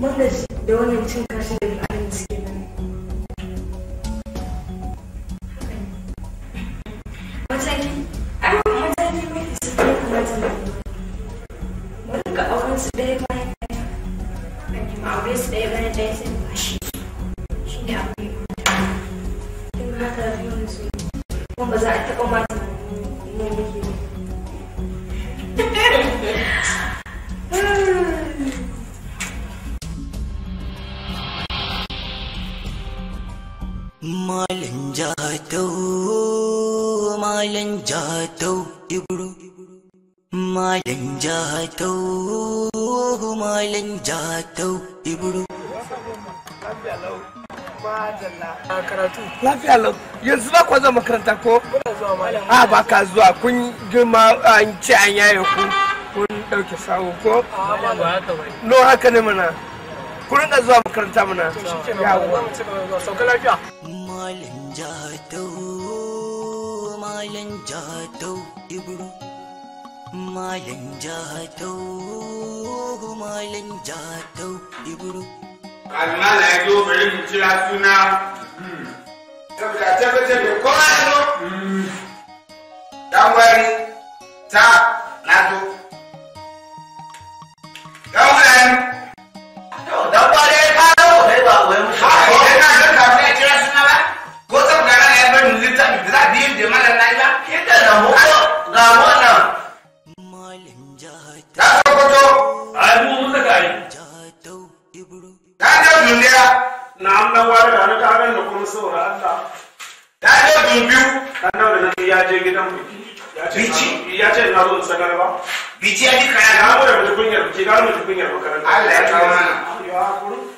Not the only thing crashing the plane is given. What's that? do? I don't I do What do I want to be like? I'm always when Malin ജാതോ malin ജാതോ Ibru. Malin ജാതോ malin ജാതോ Ibru. lafiya lau yanzu ba kwa zuwa makaranta ko a ba ka zuwa kun girma an ce an yaye ku kun dauke sawo ko no haka ne mana kun rinka zuwa makaranta mana yawon sauka jatuh Maling jatuh Ibu Maling jatuh Maling jatuh Ibu Kalma na yazo bari mu kira suna Saboda tabbata kowa ya zo Dan wani ta na zo bayar da kuma saboda Allah ta yi biyu annabi nan ya je gidan biki ya ce na zo sagar ba biki ya ji kaya da biki ga mutukunyar makaranta Allah ya kawo mana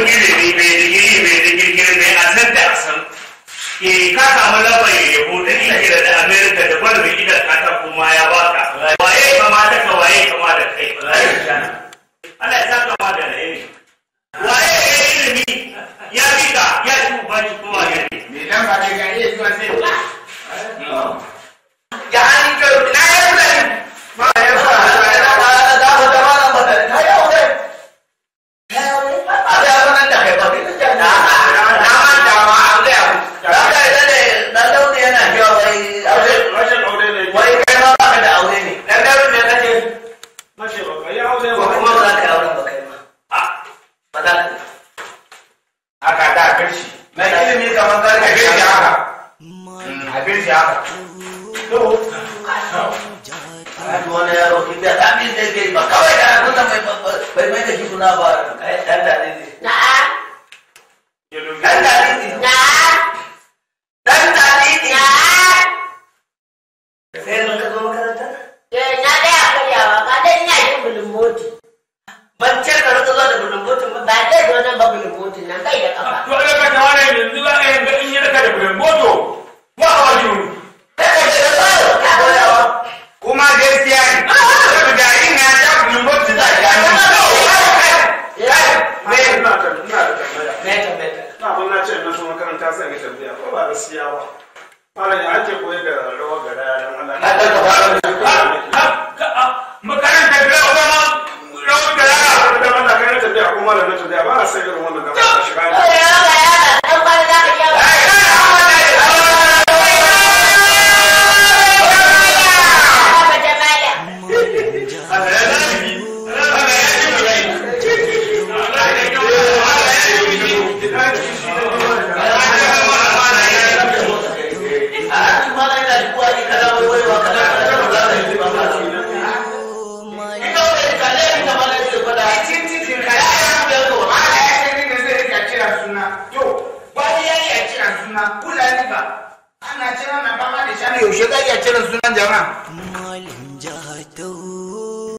ɗalibin ilimi mai digiri mai digirgir mai da asan ke ka samu lambar yabo ta ingila da amerika da gwalibin idan ka kuma ya ka? waye kama ta ka waye kama da kai Ala ya saka ma da laimi waye ya ilimi ya bi ka ya ci ubanci kuma ya bi me dan ba ga iya zuwa sai wani yaro in da tamin da ke ba kawai da abin da bai mai da jikuna ba kayan dan da ne na dan da ne sa ga tambaya ko ba gaskiya ba malam ya ake koyar da rawar gada ya nan Allah ah, ah, ah, makaranta ga rawar gada rawar gada da malam na tambaya ko malam na tambaya ba a sai irin wannan suna to wani ya iya suna kula ni ba ana kira na ba ma da shanu yaushe za ya kiran sunan jama'a